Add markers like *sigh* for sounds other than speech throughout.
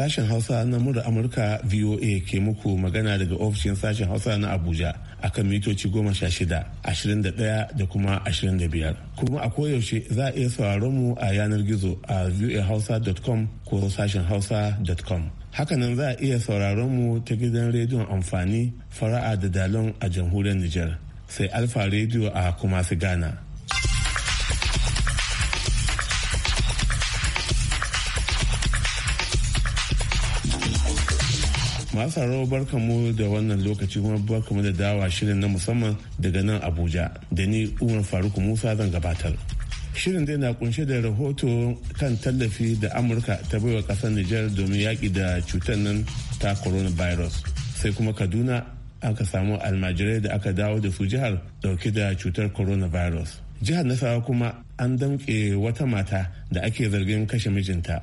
Sashen Hausa na murar Amurka VOA ke muku magana daga ofishin sashen Hausa na Abuja akan mitoci goma sha shida, ashirin da ɗaya da kuma ashirin da biyar. Kuma a koyaushe za a iya sauraron mu a yanar gizo a voahausa.com ko sashen hausa.com. Hakanan za a iya sauraron mu ta gidan rediyon amfani fara'a da dalon a jamhuriyar Nijar sai Alfa rediyo a Kumasi Ghana. masu rawa barkamu da wannan lokaci kuma barkamu da dawa shirin na musamman daga nan abuja da ni umar faruk musa zan gabatar shirin dai na kunshe da rahoto kan tallafi da amurka ta baiwa kasar nijar domin yaƙi da cutar nan ta coronavirus sai kuma kaduna aka samu almajirai da aka dawo da su jihar dauke da cutar coronavirus jihar nasarawa kuma an damƙe wata mata da ake zargin kashe mijinta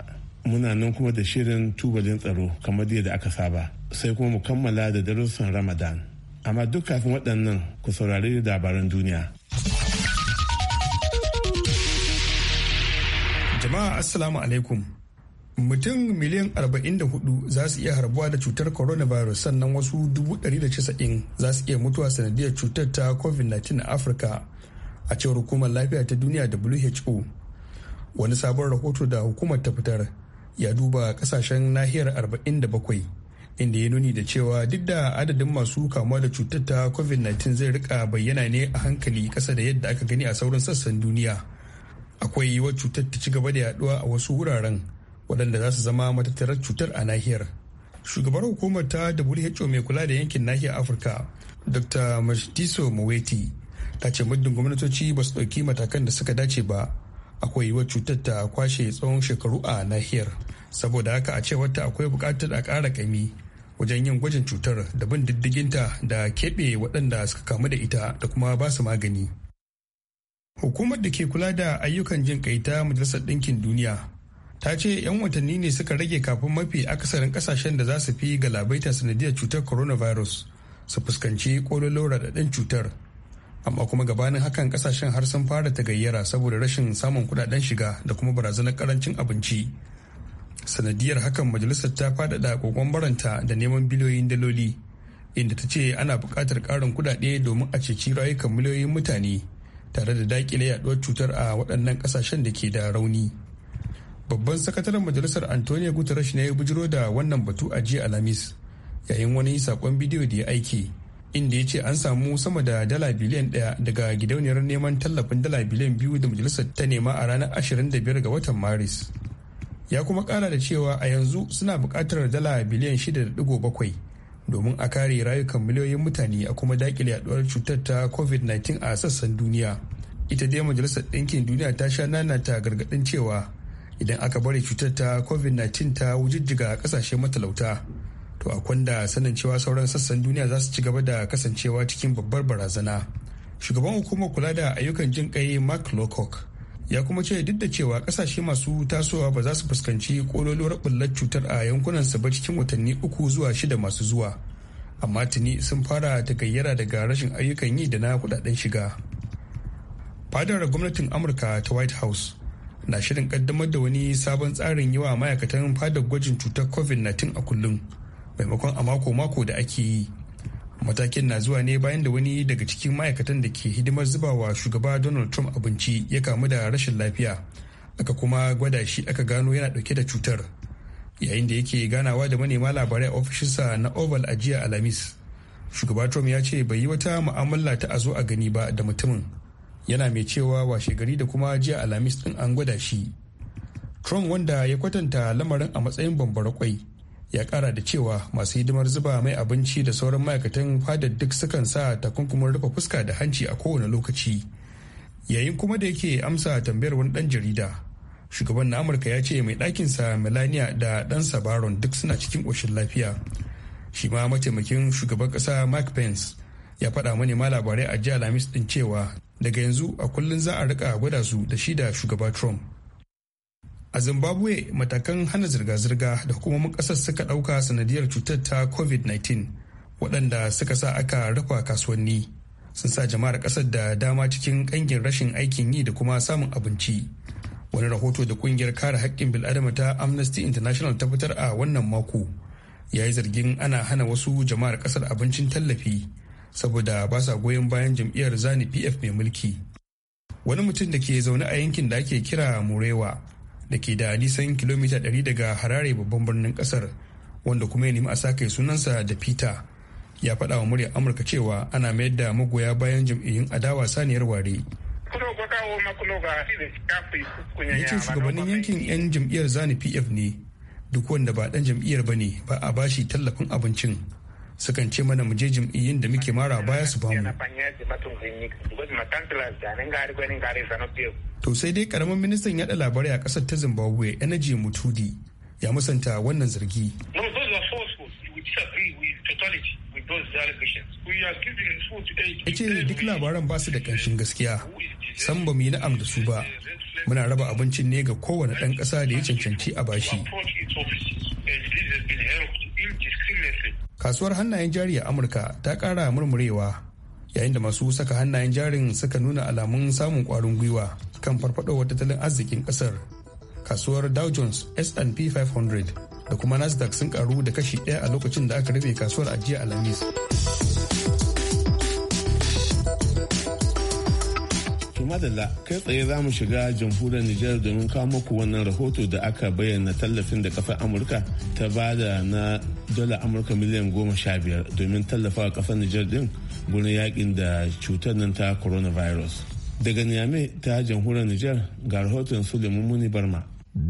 muna nan kuma da shirin tubalin tsaro kamar yadda aka saba sai kuma mu kammala da darussan ramadan amma duk kafin waɗannan ku saurari da labaran duniya jama'a assalamu alaikum mutum miliyan 44 za su iya harbuwa da cutar coronavirus sannan wasu 190 za su iya mutuwa sanadiyar cutar ta covid-19 a afirka a cewar hukumar lafiya ta duniya who wani sabon rahoto da hukumar ta fitar ya duba kasashen nahiyar 47 inda ya nuni da cewa duk da adadin masu kamuwa da cutar ta covid-19 zai rika bayyana ne a hankali kasa da yadda aka gani a sauran sassan duniya akwai yiwuwar cutar ta ci gaba da yaduwa a wasu wuraren waɗanda za su zama matattarar cutar a nahiyar shugabar hukumar ta who mai kula da yankin nahiyar afirka dr mastiso muweti ta ce muddin gwamnatoci ba su ɗauki matakan da suka dace ba akwai yiwuwar cutar ta kwashe tsawon shekaru a nahiyar saboda haka a cewar ta akwai bukatar a ƙara ƙami wajen yin gwajin cutar da bin diddiginta da keɓe waɗanda suka kamu da ita da kuma ba su magani hukumar da ke kula da ayyukan jin kai ta majalisar ɗinkin duniya ta ce 'yan watanni ne suka rage kafin mafi akasarin kasashen da za su fi galabaita sanadiyar cutar coronavirus su fuskanci kololo raɗaɗin cutar amma kuma gabanin hakan kasashen har sun fara ta gayyara saboda rashin samun kudaden shiga da kuma barazanar karancin abinci sanadiyar hakan majalisar ta faɗaɗa kokon baranta da neman biliyoyin daloli inda ta ce ana buƙatar ƙarin kuɗaɗe domin a ceci rayukan miliyoyin mutane tare da daƙile yaɗuwar cutar a waɗannan ƙasashen da ke da rauni babban sakataren majalisar antonio guterres ne ya bujiro da wannan batu a jiya alhamis yayin wani saƙon bidiyo da ya aiki inda ya ce an samu sama da dala biliyan ɗaya daga gidauniyar neman tallafin dala biliyan biyu da majalisar ta nema a ranar 25 ga watan maris ya kuma kara da cewa a yanzu suna bukatar dala biliyan 6.7 domin a kare rayukan miliyoyin mutane a kuma dakile yaduwar cutar ta covid-19 a sassan duniya ita dai majalisar ɗinkin duniya ta sha nana ta gargaɗin cewa idan aka bari cutar ta covid-19 ta wujijjiga ƙasashe matalauta to a kwanda sanin cewa sauran sassan duniya za su ci gaba da kasancewa cikin babbar barazana shugaban hukumar kula da ayyukan jin kai mark lowcock ya kuma ce duk da cewa kasashe masu tasowa ba za su fuskanci kololuwar bullar cutar a yankunan su ba cikin watanni uku zuwa shida masu zuwa amma tuni sun fara ta gayyara daga rashin ayyukan yi da na kudaden shiga fadar gwamnatin amurka ta white house na shirin kaddamar da wani sabon tsarin yawa ma'aikatan fadar gwajin cutar covid-19 a kullum maimakon a mako-mako da ake yi matakin na zuwa ne bayan da wani daga cikin ma'aikatan da ke hidimar zubawa shugaba donald trump abinci ya kamu da rashin lafiya aka kuma gwada shi aka gano yana dauke da cutar yayin da yake ganawa da manema labarai a ofishinsa na oval a jiya alhamis shugaba trump ya ce bai yi wata mu'amala ta azo a gani ba da mutumin yana mai cewa washe gari da kuma jiya alhamis din an gwada shi trump wanda ya kwatanta lamarin a matsayin bambara kwai ya kara da cewa masu hidimar zuba mai abinci da sauran ma'aikatan fadar duk sukan sa takunkumin rufe fuska da hanci a kowane lokaci yayin kuma da yake amsa tambayar wani dan jarida shugaban na amurka ya ce mai sa melania da ɗansa baron duk suna cikin ƙoshin lafiya shi ma mataimakin shugaban ƙasa mike pence ya faɗa ma labarai a jiya lamis ɗin cewa daga yanzu a kullum za a rika gwada su da shi da shugaba trump a zimbabwe matakan hana zirga-zirga da hukumomin kasar suka ɗauka sanadiyar cutar ta covid-19 waɗanda suka sa aka rufa kasuwanni sun sa jama'ar ƙasar da dama cikin ƙangin rashin aikin yi da kuma samun abinci wani rahoto da ƙungiyar kare haƙƙin bil'adama ta amnesty international ta fitar a wannan mako ya yi zargin ana hana wasu jama'ar ƙasar abincin tallafi saboda ba sa goyon bayan jam'iyyar zani pf mai mulki wani mutum da ke zaune a yankin da ake kira murewa da ke da nisan kilomita 100 daga harare babban birnin kasar wanda kuma ya nemi a sake sunansa da peter ya faɗa wa muryar amurka cewa ana mayar da magoya bayan jam'iyyun adawa saniyar ware yakin shugabannin yankin 'yan jam'iyyar zani pf ne duk wanda ba ɗan jam'iyyar ba ne ba a bashi tallafin abincin sukan ce mana muje jam'iyyun da muke mara baya su bamu To sai dai karamin ministan yada labarai a kasar ta Zimbabwe Energy Mutudi ya musanta wannan zargi. Ya ce duk labaran ba su da ƙanshin gaskiya, san ba mu yi na'am da su ba. Muna raba abincin ne ga kowane ɗan ƙasa da ya cancanci a bashi. Kasuwar hannayen jari a Amurka ta ƙara murmurewa yayin da masu saka hannayen jarin suka nuna alamun samun kwarin gwiwa kan farfadowar tattalin arzikin kasar kasuwar dow jones S&P 500 da kuma nasdaq sun karu da kashi daya a lokacin da aka rufe kasuwar ajiya alhamis madalla kai tsaye za mu shiga jamhuriyar Nijar domin kawo muku wannan rahoto da aka bayyana tallafin da kafar Amurka ta bada na dala Amurka miliyan goma sha biyar domin tallafawa kafar Nijar din gurin yakin da cutar nan ta coronavirus. Daga Niamey ta jamhuriyar Nijar ga rahoton Suleiman Muni Barma.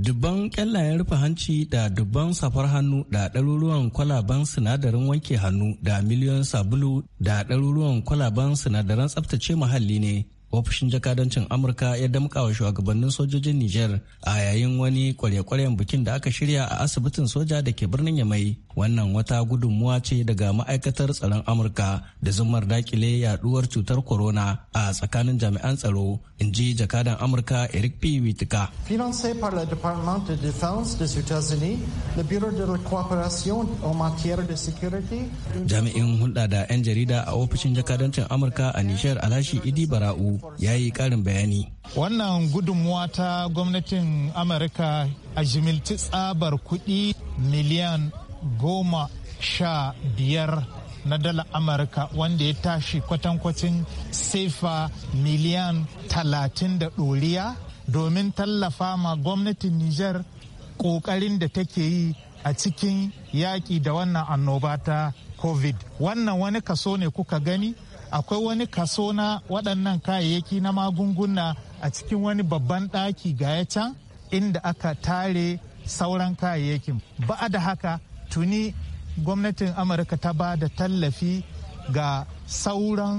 Dubban ƙyallayen rufe hanci da dubban safar hannu da ɗaruruwan kwalaban sinadarin wanke hannu da miliyon sabulu da ɗaruruwan kwalaban sinadaran tsaftace muhalli ne ofishin jakadancin amurka ya damƙa wa shugabannin sojojin niger a yayin wani kwale-kwalen bikin da aka shirya a asibitin soja da ke birnin yamai wannan wata gudunmuwa ce daga ma'aikatar tsaron amurka da zumar dakile yaduwar cutar corona a tsakanin jami'an tsaro in ji jakadan amurka eric p witika financé par le département de défense des états-unis le bureau de la coopération en matière de sécurité jami'in hulɗa da 'yan jarida a ofishin jakadancin amurka a nishar alashi idi bara'u ya yi ƙarin bayani wannan gudunmuwa ta gwamnatin amurka a jimilci tsabar kuɗi miliyan goma sha biyar na dala amurka wanda ya tashi kwatankwacin sefa miliyan talatin da ɗoriya domin tallafa ma gwamnatin niger ƙoƙarin da take yi a cikin yaƙi da wannan annoba ta covid wannan wani kaso ne kuka gani akwai wani kaso na waɗannan kayayyaki na magunguna a cikin wani babban ɗaki ga ya can inda aka tare sauran kayayyakin ba da haka tuni gwamnatin amurka ta ba da tallafi ga sauran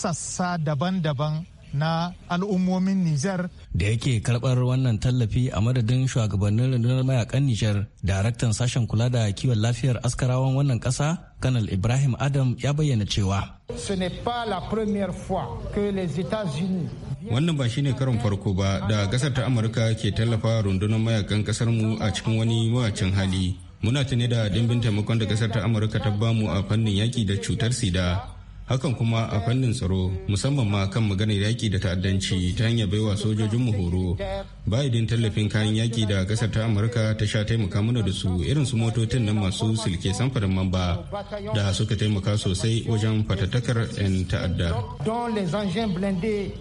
sassa daban-daban na al'ummomin Nijar. Da yake karbar wannan tallafi a madadin shugabannin rundunar mayakan Nijar, daraktan sashen kula da kiwon lafiyar askarawan wannan kasa Kanal Ibrahim Adam ya bayyana cewa. Ce n'est pas la première fois que les États-Unis Wannan ba shine karon farko ba da gasar ta Amurka ke tallafa rundunar mayakan kasar a cikin wani mawacin hali. muna tuni da dimbin taimakon da kasar ta amurka ta bamu a fannin yaki da cutar sida hakan kuma a fannin tsaro musamman ma kan maganar yaki da ta'addanci ta hanyar baiwa sojojin mu horo biden tallafin kayan yaki da kasar ta amurka ta sha taimaka mana da su irin su motocin nan masu silke samfarin mamba da suka taimaka sosai wajen fatattakar 'yan ta'adda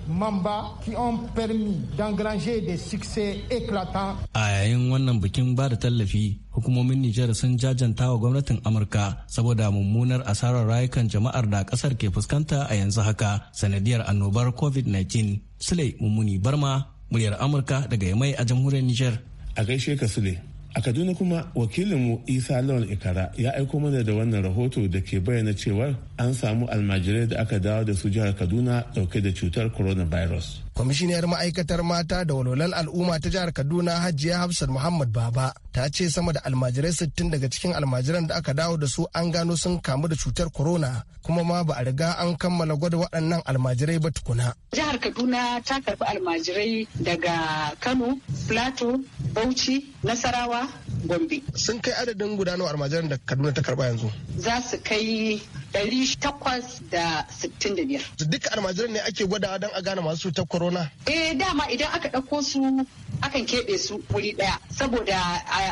mamba don a yayin wannan bikin ba da tallafi hukumomin Nijar sun jajanta wa gwamnatin Amurka saboda mummunar asarar rayukan jama'ar da kasar ke fuskanta a yanzu haka sanadiyar annobar COVID-19. Sule Mummuni Barma, muryar Amurka daga Yamai a jamhuriyar Nijar. A gaishe ka Sule. A Kaduna kuma wakilinmu Isa Lawan Ikara ya aiko mana da wannan rahoto da ke bayyana cewar an samu almajirai da aka dawo da su jihar kaduna dauke da cutar coronavirus kwamishiniyar ma'aikatar mata da walwalar al'umma ta jihar kaduna hajiya hafsat muhammad baba ta ce sama da almajirai sittin daga cikin almajiran da aka dawo da su an gano sun kamu da cutar corona kuma ma ba a riga an kammala gwada waɗannan almajirai ba tukuna jihar kaduna ta karbi almajirai daga kano plateau bauchi nasarawa gombe sun kai adadin gudanar almajiran da kaduna ta karba yanzu za su kai ɗari takwas da sittin almajiran ne ake gwadawa don a gane masu cutar corona? Eh dama idan aka ɗauko su akan keɓe su wuri ɗaya saboda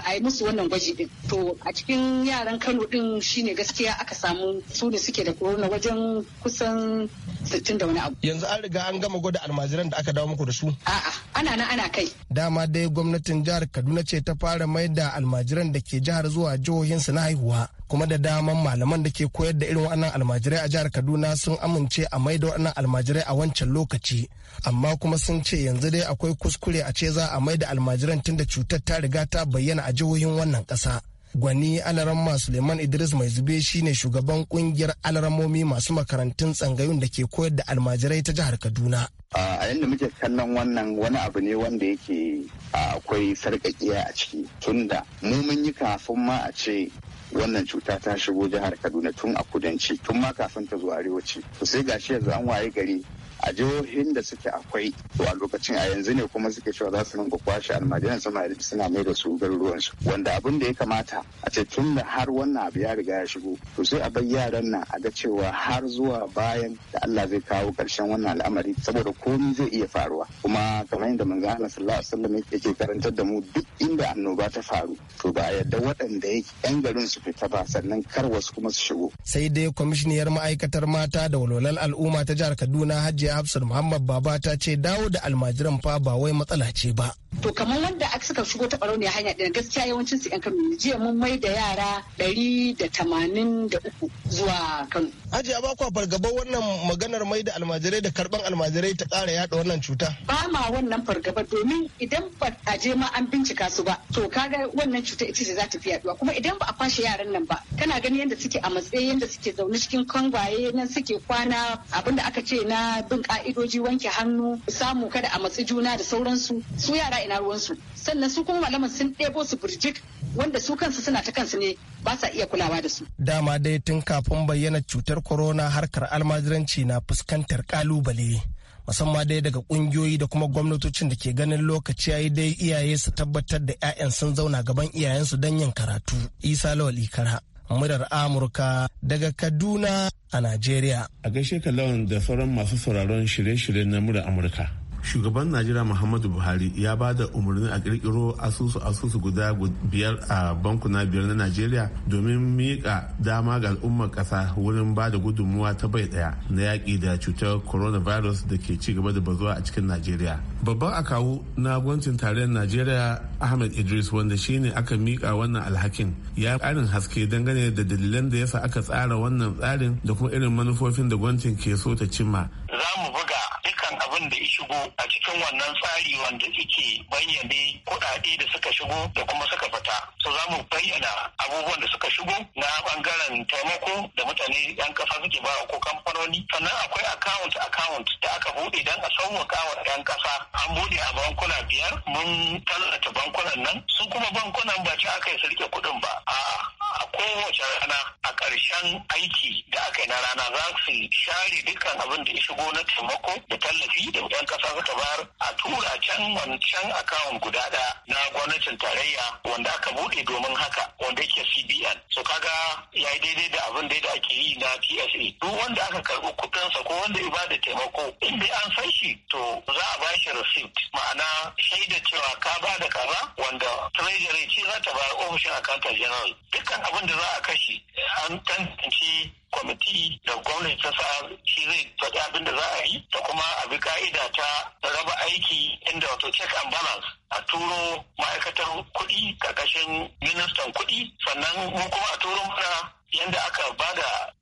a yi musu wannan gwaji ɗin. To a cikin yaran Kano ɗin shine gaskiya aka samu su ne suke da corona wajen kusan sittin da wani abu. Yanzu an riga an gama gwada almajiran da aka dawo muku da su? A'a ana nan ana kai. Dama dai gwamnatin jihar Kaduna ce ta fara mai da almajiran da ke jihar zuwa jihohinsu na haihuwa. kuma da daman malaman da ke koyar da irin wannan almajirai a jihar kaduna sun amince a mai da almajirai a wancan lokaci amma kuma sun ce yanzu dai akwai kuskure a ce za a mai da almajiran tunda cutar ta riga ta bayyana a jihohin wannan kasa. gwani alaramma suleiman idris mai zube shine shugaban kungiyar alaramomi masu makarantun tsangayun da ke koyar da almajirai ta jihar kaduna a yadda muke kallon wannan wani abu ne wanda yake akwai sarƙaƙiya a ciki tunda mu mun yi kafin ma a ce wannan cuta ta shigo jihar kaduna tun a kudanci tun ma kafin ta zo arewaci to sai gashi yanzu an waye gari a jihohin da suke akwai to a lokacin a yanzu ne kuma suke cewa za su rinka kwashe almajiran sama suna mai da su garuruwan su wanda abin da ya kamata a ce tun da har wannan abu ya riga ya shigo to sai a bar yaran nan a ga cewa har zuwa bayan da Allah zai kawo karshen wannan al'amari saboda komai zai iya faruwa kuma kamar yadda manzo Allah sallallahu alaihi wasallam yake karantar da mu duk inda annoba ta faru to ba yadda waɗanda yake yan garin su fita ba sannan kar wasu kuma su shigo sai dai kwamishiniyar ma'aikatar mata da walwalar al'umma ta jihar Kaduna Hajiya hajiya hafsar muhammad baba ta ce dawo da almajiran fa ba wai matsala ce ba to kamar wanda aka suka shigo ta barau ne hanya ɗaya gaskiya yawancin su yan kano jiya mun mai da yara ɗari da tamanin da uku zuwa kano hajiya ba fargabar fargaba wannan maganar mai da almajirai da karban almajirai ta ƙara yaɗa wannan cuta ba ma wannan fargaba domin idan ba a je ma an bincika su ba to kaga wannan cuta ita ce za ta fi yaduwa kuma idan ba a kwashe yaran nan ba kana ganin yadda suke a matsayin yadda suke zaune cikin kangwaye nan suke kwana abinda aka ce na bin bin ka'idoji wanke hannu samu kada a matsi juna da sauransu su yara ina ruwansu sannan su kuma malaman sun ɗebo su birjik wanda su kansu suna ta kansu ne ba sa iya kulawa da su. Dama dai tun kafin bayyana cutar corona harkar almajiranci na fuskantar kalubale. musamman dai daga kungiyoyi da kuma gwamnatocin da ke ganin lokaci yayi dai iyaye su tabbatar da 'ya'yan sun zauna gaban iyayensu don yin karatu isa lawal ikara murar Amurka daga Kaduna a Najeriya. A gaishe kallon da sauran masu sauraron shirye-shirye na murar Amurka. shugaban najeriya muhammadu buhari ya ba da umarni a kirkiro asusu asusu guda biyar a bankuna biyar na najeriya domin miƙa dama ga al'ummar ƙasa wurin ba da gudunmuwa ta bai ɗaya na yaƙi da cutar coronavirus da ke ci gaba da bazuwa a cikin najeriya babban akawu na gwamnatin tarayyar najeriya ahmed idris wanda shine aka miƙa wannan alhakin ya ƙarin haske dangane da dalilan da yasa aka tsara wannan tsarin da kuma irin manufofin da gwamnatin ke so ta cimma za mu buga kan abin da ya shigo a cikin wannan tsari wanda suke bayyane kuɗaɗe da suka shigo da kuma suka fita. So za mu bayyana abubuwan da suka shigo na bangaren taimako da mutane yan ƙasa suke ba ko kamfanoni. Sannan akwai account account da aka buɗe don a sauwaka wa yan kasa. An buɗe a bankuna biyar mun tallata bankunan nan. Su kuma bankunan ba ci aka yi su riƙe kuɗin ba. A'a kowace rana a ƙarshen aiki da aka yi na rana za su share dukkan abin da ya shigo na taimako da tallafi da 'yan ƙasa suka bayar a tura can wancan akawun guda ɗaya na gwamnatin tarayya wanda aka buɗe domin haka wanda yake CBN. So kaga ya yi daidai da abin da ake yi na TSA. Duk wanda aka karɓi kuɗinsa ko wanda ya bada taimako in dai an san shi to za a ba shi receipt ma'ana shaida cewa ka ba da kaza wanda treasury ce za ta bayar ofishin akanta general dukkan abin abin da za a kashe an tantance kwamiti da gwamnati ta sa shi zai faɗi abin da za a yi da kuma a bi ka'ida ta raba aiki inda wato check and balance a turo ma'aikatar kuɗi ƙarƙashin ministan kuɗi sannan mu kuma a turo mana yadda aka ba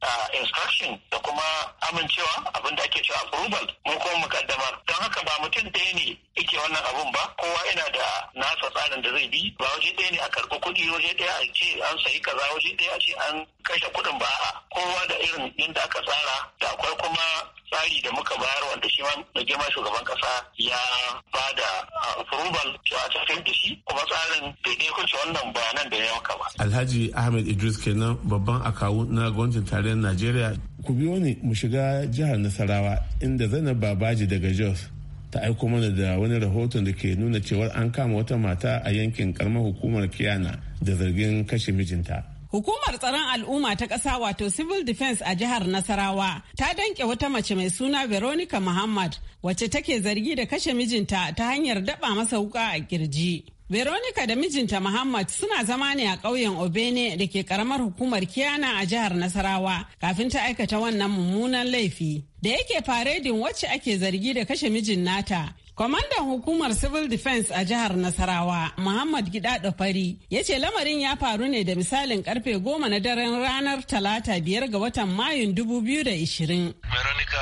da instruction da kuma amincewa abin da ake cewa approval mu kuma mukaddamar don haka ba mutum ɗaya ne yake wannan abun ba kowa yana da tsarin da zai bi ba waje ɗaya ne a karɓi kuɗi waje ɗaya a ce an sayi kaza waje ɗaya a ce an kashe kuɗin ba kowa da irin inda aka tsara da akwai kuma tsari da muka bayar wanda shi ma mai girma shugaban kasa ya ba da approval cewa a tafiyar da shi kuma tsarin daidai kuce wannan bayanan da ya maka ba. Alhaji Ahmed Idris kenan babban akawu na gwamnatin tarayyar Najeriya. Ku biyo ne mu shiga jihar Nasarawa inda Zainab Babaji daga Jos ta aiko mana da wani rahoton da ke nuna cewar an kama wata mata a yankin karamar hukumar kiyana da zargin kashe mijinta. Hukumar tsaron al'umma ta ƙasa wato Civil Defense a jihar Nasarawa ta danke wata mace mai suna Veronica Muhammad wacce take zargi da kashe mijinta ta hanyar daba masa wuka a kirji. Veronica da mijinta Muhammad suna zama ne a ƙauyen Obene da ke ƙaramar hukumar Kiana a jihar Nasarawa kafin ta aikata wannan mummunan laifi. Da yake faredin wacce ake zargi da kashe mijin nata, Kwamandan hukumar Civil Defense a jihar Nasarawa, Muhammad gida Fari, ya ce lamarin ya faru ne da misalin karfe goma na daren ranar talata biyar ga watan Mayun 2020. Veronica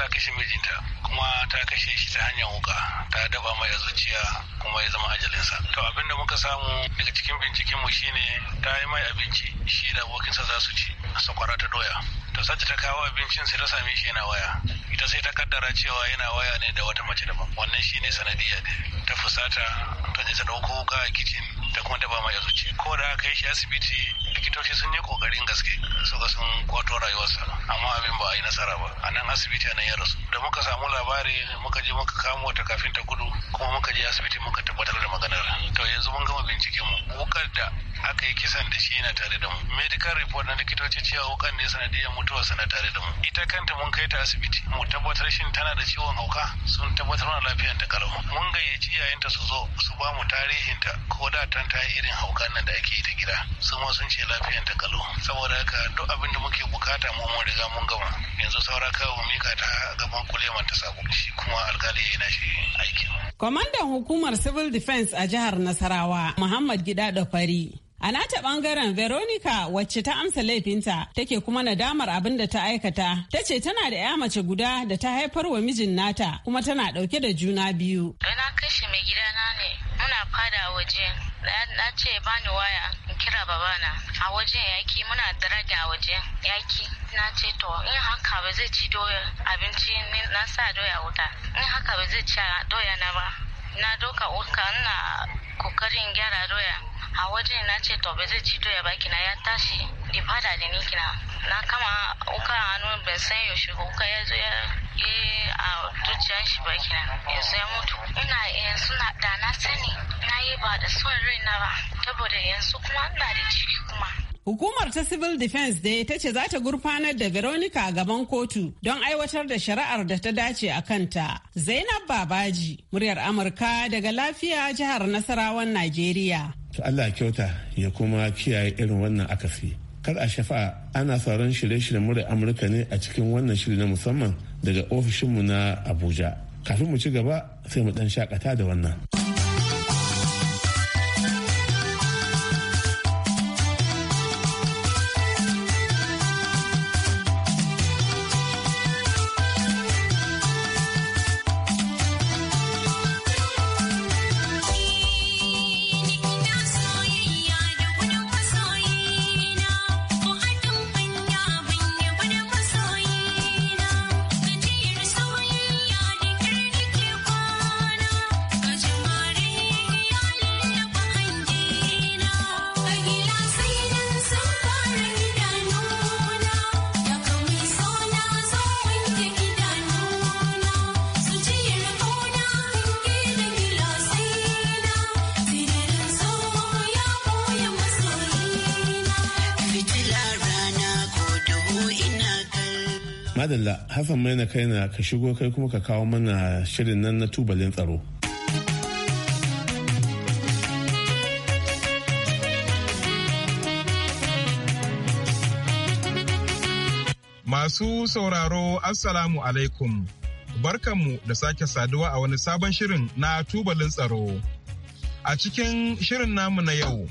ta kashe mijinta kuma ta kashe shi ta hanyar wuka ta daba mai zuciya kuma ya zama ajalinsa. To abin da muka samu daga cikin mu shine ta yi mai abinci shi da abokinsa za su ci sakwara ta doya. to sace ta kawo abincin sai ta same shi yana waya ita sai ta kaddara cewa yana waya ne da wata mace daban wannan ne sanadiyya ta fusata ta ne ta dauko wuka a kicin da kuma ma ya zuci ko da aka yi shi asibiti likitoci sun yi kokarin gaske suka sun kwato rayuwarsa amma abin ba a yi nasara ba a nan asibiti a ya rasu da muka samu labari muka je muka kamo ta kafin ta gudu kuma muka je asibiti muka tabbatar da maganar to yanzu mun gama binciken mu wukar da aka yi kisan da shi yana tare da mu medical report na likitoci cewa wukan ne sanadiyar mutuwa sana tare da mu ita kanta mun kai ta asibiti mu tabbatar shin tana da ciwon hauka sun tabbatar mana lafiyar ta kalau mun gayyaci yayinta su zo su ba mu tarihinta ko da tan ta irin haukan nan da ake yi ta gida su ma sun ce lafiyar ta kalau saboda haka duk abin da muke bukata mu mun riga mun gama yanzu saura kawo mika ta gaban kuleman ta sako shi kuma alkali ya yi shi aikin. Kwamandan hukumar Civil Defense a jihar Nasarawa Muhammad Gida da fari A nata bangaren Veronica wacce ta amsa laifinta take kuma nadamar abin da ta aikata. Ta ce tana da 'ya mace guda da ta haifar wa mijin nata kuma tana dauke da juna biyu. Na kashe mai gidana ne muna fada waje na ce bani waya in kira babana a waje yaki muna daraja a waje yaki na ce to in haka ba zai ci doya abinci na sa doya wuta in haka ba zai ci doya na ba na doka wuka na kokarin gyara doya a wajen na ce to ba zai ci doya ba kina ya tashi da fada da ni kina na kama uka hannu ban san yaushe uka ya zo ya yi a zuciyar shi ba kina yanzu ya mutu ina yanzu na da na sani na yi ba da son rai na ba saboda yanzu kuma ina da ciki kuma Hukumar ta Civil Defense dai ta ce za ta gurfanar da Veronica a gaban kotu don aiwatar da shari'ar da ta dace a kanta. Zainab Babaji, muryar Amurka daga lafiya jihar Nasarawan Najeriya. Allah kyauta ya kuma kiyaye irin wannan akasi. Kar a shafa ana sauran shirye-shiryen muryar Amurka ne a cikin wannan shiri na musamman daga ofishinmu na Abuja. Kafin mu ci gaba sai mu ɗan shakata da wannan. madalla Hassan mai na kaina ka shigo kai kuma ka kawo mana shirin nan na tubalin tsaro. Masu sauraro Assalamu alaikum. Barkanmu da sake saduwa a wani sabon shirin na tubalin tsaro. A cikin shirin namu na yau.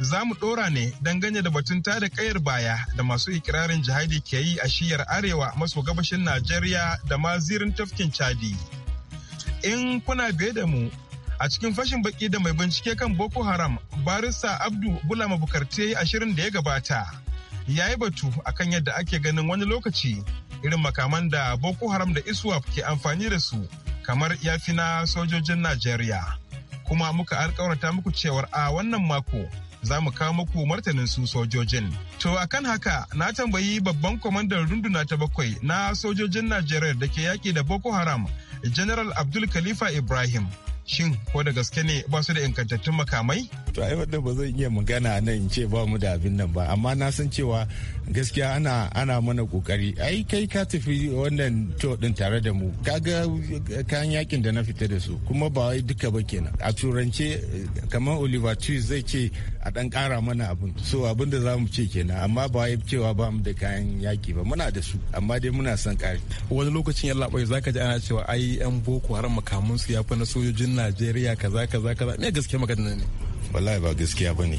za mu ɗora ne ganye da batun tada kayar baya da masu ikirarin jihadi ke yi a shiyar arewa maso gabashin Najeriya da ma zirin tafkin Chadi. In kuna biye da mu a cikin fashin baki da mai bincike kan Boko Haram barista Abdu Bulama mabukarte a shirin da ya gabata. Ya yi batu a kan yadda ake ganin wani lokaci irin makaman da Boko Haram da ISWAP ke amfani da su kamar yafi na sojojin Najeriya. Kuma muka alkawarta muku cewar a wannan mako za mu kawo muku martanin su sojojin. To akan haka na tambayi babban kwamandan runduna ta bakwai na sojojin Najeriya da ke yaƙi da Boko Haram, General Abdul Khalifa Ibrahim. shin ko da gaske ne ba su da ingantattun makamai? To ai wanda ba zan iya magana nan in ce ba mu da abin nan ba amma na san cewa gaskiya ana ana mana kokari ai kai ka tafi wannan to din tare da mu kaga kayan yakin da na fita da su kuma ba wai duka ba kenan a turance kamar Oliver Twist zai ce a dan kara mana abin so abin da zamu ce kenan amma ba wai cewa ba mu da kayan yaki ba muna da su amma dai muna son kari wani lokacin yalla bai zaka ji ana cewa ai yan boko haram makamun su ya fa na sojojin najeriya kaza kaza kaza me gaskiya magana ne wallahi ba gaskiya bane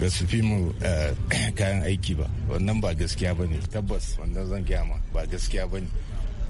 ba su fi mu eh, *coughs* kayan aiki ba wannan ba gaskiya bane tabbas wannan zan gaya ma ba gaskiya bane.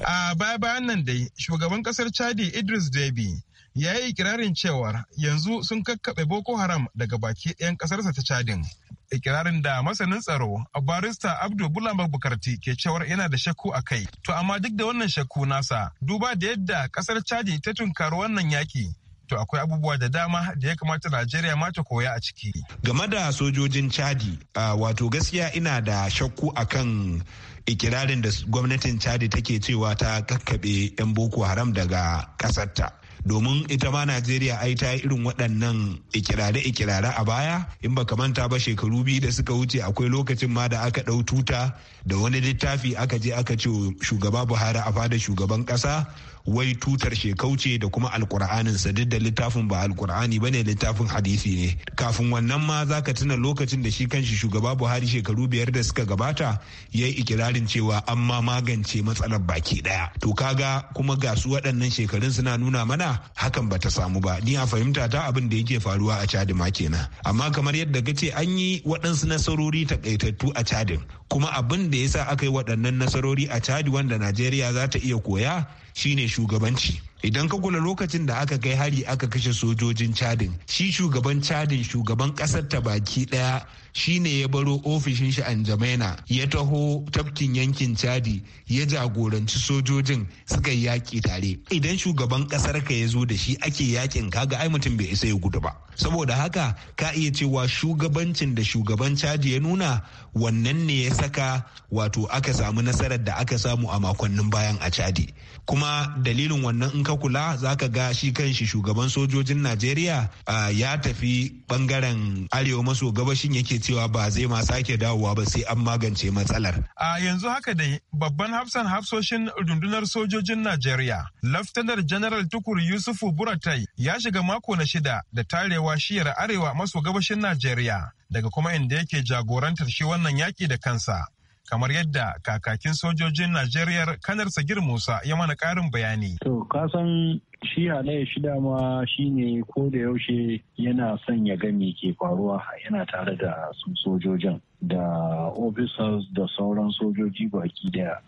a ah, baya bayan nan dai shugaban kasar chadi idris Deby ya yi ikirarin cewa yanzu sun kakkaɓe boko haram daga baki ɗayan ƙasarsa ta cadin ikirarin da masanin tsaro barista abdu bulama bukarti ke cewar yana da shakku a kai to amma duk da wannan shakku nasa duba da yadda ƙasar chadi ta tunkari wannan yaƙi to akwai abubuwa da dama da ya kamata Najeriya ma ta koya a ciki. Game da sojojin Chadi, wato gaskiya ina da shakku akan ikirarin da gwamnatin Chadi take cewa ta kakkaɓe 'yan Boko Haram daga ƙasarta. domin ita ma najeriya ai ta yi irin waɗannan ikirare-ikirare a baya in baka manta ba shekaru biyu da suka wuce akwai lokacin ma da aka ɗau tuta da wani littafi aka je aka ce shugaba buhari a fada shugaban ƙasa wai tutar shekau ce da kuma alkur'anin sa duk da littafin ba alkur'ani ba ne littafin hadisi ne kafin wannan ma za ka tuna lokacin da shi kanshi shugaba buhari shekaru biyar da suka gabata ya yi ikirarin cewa an ma magance matsalar baki daya to kaga kuma ga su waɗannan shekarun suna nuna mana hakan ba ta samu ba ni a fahimta ta abin da yake faruwa a chadi ma kenan amma kamar yadda ka ce an yi waɗansu nasarori takaitattu a chadin kuma abin da sa aka yi waɗannan nasarori a cadi wanda najeriya za ta iya koya shine shugabanci idan ka kula lokacin da aka kai hari aka kashe sojojin cadin shi shugaban cadin shugaban kasar ta baki daya shine ya baro ofishin shi anjamaina ya taho tafkin yankin chadi ya jagoranci sojojin suka yi yaƙi tare idan shugaban ƙasar ka ya zo da shi ake yakin kaga ai mutum bai isa ya gudu ba saboda haka ka iya cewa shugabancin da shugaban chadi ya nuna wannan ne ya saka wato aka samu nasarar da aka samu a makonnin bayan a chadi kuma dalilin wannan in ka kula za ka ga shi kanshi shugaban sojojin najeriya ya tafi bangaren arewa maso gabashin yake cewa ba zai ma sake dawowa ba sai an magance matsalar. A yanzu haka dai babban hafsan hafsoshin rundunar sojojin Najeriya, Laftanar General Tukur Yusufu Buratai ya shiga mako na shida da tarewa shiyar arewa maso gabashin Najeriya daga kuma inda yake jagorantar shi wannan yaƙi da kansa. kamar yadda kakakin sojojin Najeriya kanar Sagir Musa ya mana ƙarin bayani. To, kasan shi halaye shi ma shi ne ko da yaushe yana son ya gami ke faruwa yana tare da su sojojin da officers da sauran sojoji baki da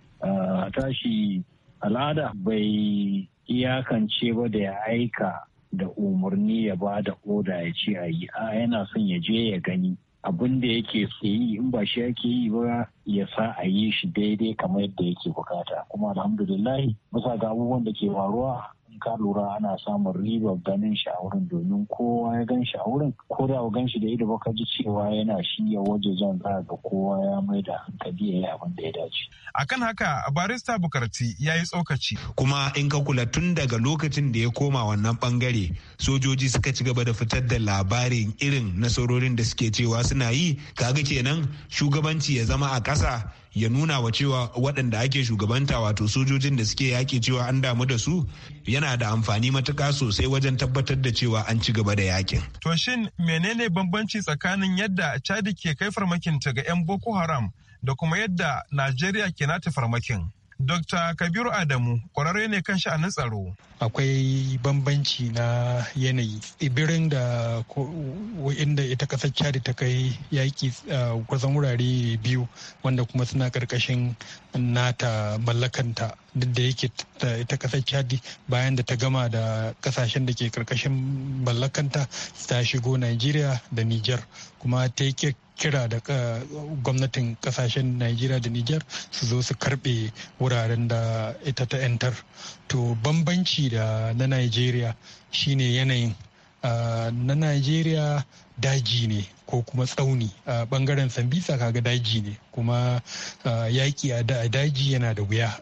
tashi al'ada bai iyakance ba da ya aika da umarni ya ba da oda ya ce a yi a yana son ya je ya gani abin da yake yi in ba shi yake yi ba ya sa a yi shi daidai kamar yadda yake bukata kuma alhamdulillahi bisa ga abubuwan da ke faruwa ka lura ana samun ribar ganin shi a wurin domin kowa ya gan shawurin a wurin ko da gan shi da ido ba ka ji cewa yana shi ya waje zan za ga kowa ya mai da hankali ya yi abin da ya dace. Akan haka barista Bukarti ya yi tsokaci. Kuma in ka kula tun daga lokacin da ya koma wannan bangare sojoji suka ci gaba da fitar da labarin irin nasarorin da suke cewa suna yi kaga kenan shugabanci ya zama a ƙasa ya nuna wa cewa waɗanda ake shugabanta wato sojojin da suke yaƙi cewa an damu da su yana da amfani matuka sosai wajen tabbatar da cewa an ci gaba da yakin. To shin menene bambanci tsakanin yadda Chadi ke kai farmakinta ga 'yan Boko Haram da kuma yadda Najeriya ke nata farmakin? Dr. Kabiru Adamu kwararre ne kan sha'anin tsaro. Akwai bambanci na yanayi. Ibirin da inda ita kasar Chad ta kai yaki kusan wurare biyu wanda kuma suna karkashin nata mallakanta duk da yake ita kasar Chad bayan da ta gama da kasashen da ke karkashin mallakanta ta shigo Nigeria da Niger kuma ta yake kira da gwamnatin kasashen Najeriya da Nijar su zo su karbe wuraren da ita ta 'yantar. To bambanci da na Najeriya shine yanayin. Ah, na Najeriya daji ne ko kuma tsauni a bangaren sambisa kaga daji ne kuma yaki a daji yana da wuya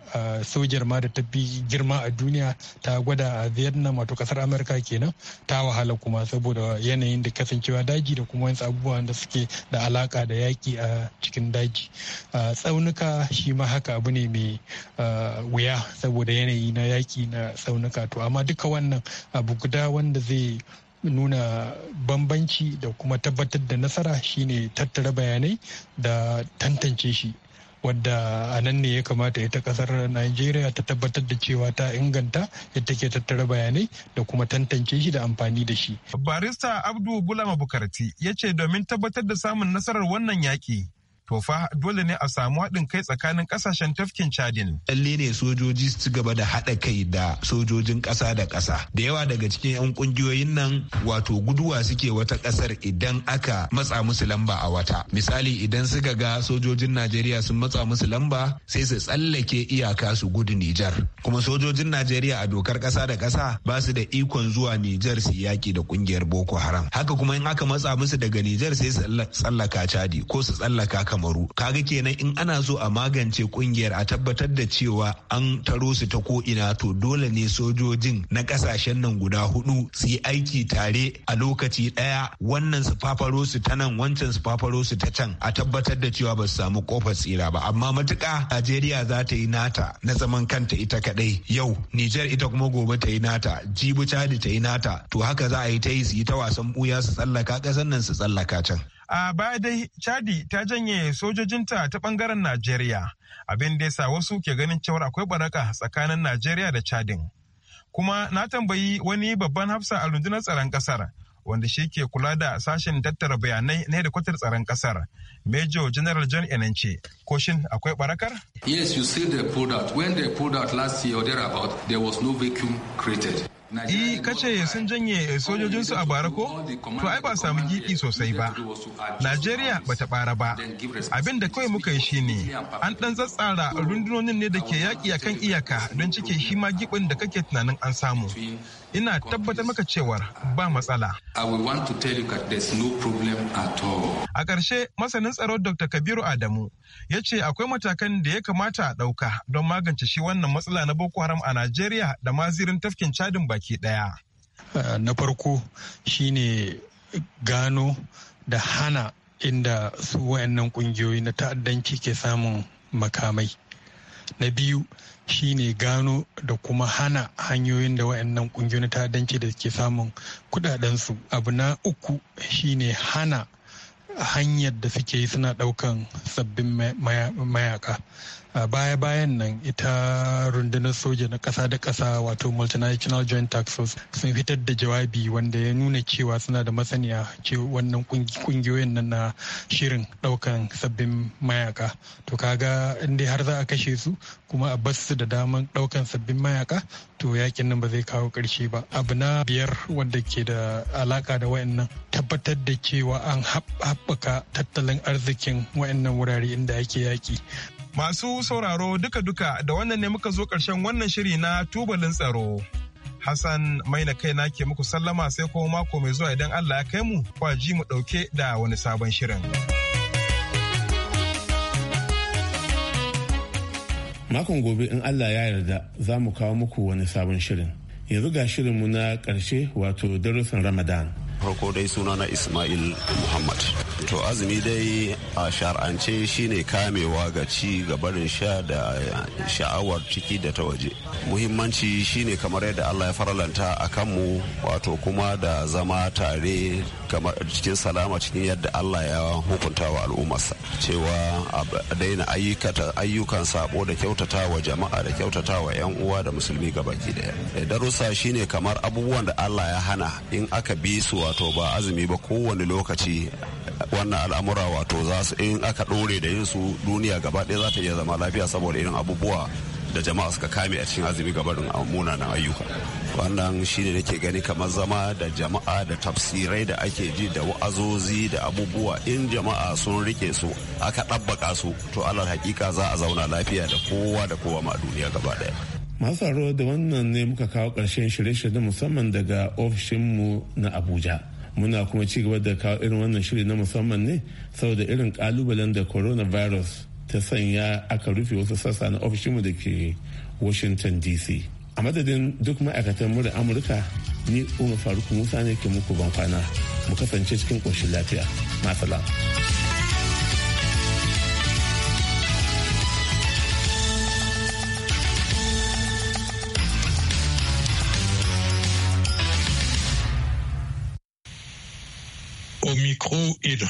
sojar ma da ta fi girma a duniya ta gwada a vietnam wato kasar amurka kenan ta wahala kuma saboda yanayin da kasancewa daji da kuma wasu abubuwan da suke da alaka da yaki a cikin daji tsaunuka shi ma haka abu ne mai wuya saboda yanayi na yaki na tsaunuka to amma duka wannan abu guda wanda zai nuna bambanci da kuma tabbatar da nasara shine tattara bayanai da tantance shi wadda a nan ne ya kamata ita kasar Najeriya ta tabbatar da cewa ta inganta yadda ke tattara bayanai da kuma tantance shi da amfani da shi. Barista Abdu Bulama Bukarti ya ce domin tabbatar da samun nasarar wannan yaki. to fa dole ne a samu haɗin kai tsakanin ƙasashen tafkin Chadin. Lalle ne sojoji su ci gaba da haɗa kai da sojojin ƙasa da ƙasa. Da yawa daga cikin 'yan ƙungiyoyin nan wato guduwa suke wata ƙasar idan aka matsa musu lamba a wata. Misali idan suka ga sojojin Najeriya sun matsa musu lamba sai su tsallake iyaka su gudu Nijar. Kuma sojojin Najeriya a dokar ƙasa da ƙasa ba su da ikon zuwa Nijar su yaƙi da ƙungiyar Boko Haram. Haka kuma in aka matsa musu daga Nijar sai su tsallaka Chadi ko su tsallaka kamaru kaga kenan in ana so a magance kungiyar a tabbatar da cewa an taro su ta ko ina to dole ne sojojin na kasashen nan guda hudu su yi aiki tare a lokaci daya wannan su fafaro su ta nan wancan su fafaro su ta can a tabbatar da cewa ba su samu kofar tsira ba amma matuka najeriya za ta yi nata na zaman kanta ita kadai yau nijar ita kuma gobe ta yi nata jibu cadi ta yi nata to haka za a yi ta yi su yi ta wasan buya su tsallaka kasan nan su tsallaka can A baya dai Chadi ta janye sojojinta ta bangaren Najeriya, abin da sa wasu ke ganin cewar akwai baraka tsakanin Najeriya da Chadin. Kuma na tambayi wani babban hafsa a rundunar tsaron kasar, wanda shi ke kula da sashen tattara bayanai na hedikwatar tsaron kasar major general john enanche ko shin akwai barakar yes you see the product when they pulled out last year or thereabout there was no vacuum created yi kace sun janye sojojinsu a bara ko? To ai ba samu gidi sosai ba. Najeriya ba ta bara ba. Abin da kawai muka yi shine an dan zatsara rundunonin ne da ke yaƙi akan iyaka don cike shi ma gibin da kake tunanin an samu. ina tabbatar maka cewar ba matsala. A ƙarshe masanin tsaro Dr. Kabiru Adamu ya ce akwai matakan da ya kamata a ɗauka don magance shi wannan matsala na Boko Haram a Najeriya da mazirin tafkin cadin baki ɗaya. Ah, na farko shi ne gano da hana inda su wayannan ƙungiyoyi na ta'addanci ke samun makamai. na biyu shine gano da kuma hana hanyoyin da wa'annan wayannan ta ta'addanci da ke samun kudadensu abu na uku shine hana hanyar da suke yi suna daukan sabbin mayaka a baya-bayan nan ita rundunar soja na ƙasa da ƙasa wato multinational joint tax sun fitar da jawabi wanda ya nuna cewa suna da masaniya ce wannan kungiyoyin nan na shirin ɗaukan sabbin mayaka to kaga in har za a kashe su kuma a bas su da daman ɗaukan sabbin mayaka to yakin nan ba zai kawo ƙarshe ba abu na biyar wanda ke da alaka da wayannan tabbatar da cewa an haɓaka tattalin arzikin wayannan wurare inda ake yaki Masu sauraro duka-duka da wannan ne muka zo ƙarshen wannan shiri na tubalin tsaro. Hassan mai na kaina ke muku sallama sai kuma mako mai zuwa idan Allah ya kai mu kwaji mu ɗauke da wani sabon shirin. Makon gobe in Allah ya yarda za mu kawo muku wani sabon shirin. Yanzu ga shirinmu na ƙarshe wato darussan Ramadan. Farko dai sunana Ismail Muhammad. to azumi dai a shar'ance shine kamewa ga ci gabarin sha da sha'awar ciki da ta waje muhimmanci shine kamar yadda allah ya faralanta a kanmu wato kuma da zama tare cikin salama cikin yadda allah ya hukunta wa al'ummarsa cewa a daina ayyukan sabo da kyautata wa jama'a da kyautata wa 'yan uwa da musulmi gabaki daya eh, darussa shine kamar abubuwan da allah ya hana in aka bi su wato ba azumi ba kowane lokaci wannan al'amura wato za su in aka ɗore da yin su duniya gaba ɗaya za ta iya zama lafiya saboda irin abubuwa da jama'a suka kame a cikin azumi gabarin munanan ayyuka wannan shine nake gani kamar zama da jama'a da tafsirai da ake ji da wa'azozi da abubuwa in jama'a sun rike su aka ɗabbaka su to alal hakika za a zauna lafiya da kowa da kowa ma duniya gaba ɗaya masu da wannan ne muka kawo ƙarshen shirye-shirye musamman daga ofishinmu na abuja muna kuma ci gaba da kawo irin wannan shiri na musamman ne saboda irin kalubalen da coronavirus ta sanya aka rufe wasu sassa na ofishinmu da ke washington dc a madadin duk ma'aikatan mura amurka ni umar faruk musa ne ke muku ban kwana mu kasance cikin ƙoshin lafiya masala. Micro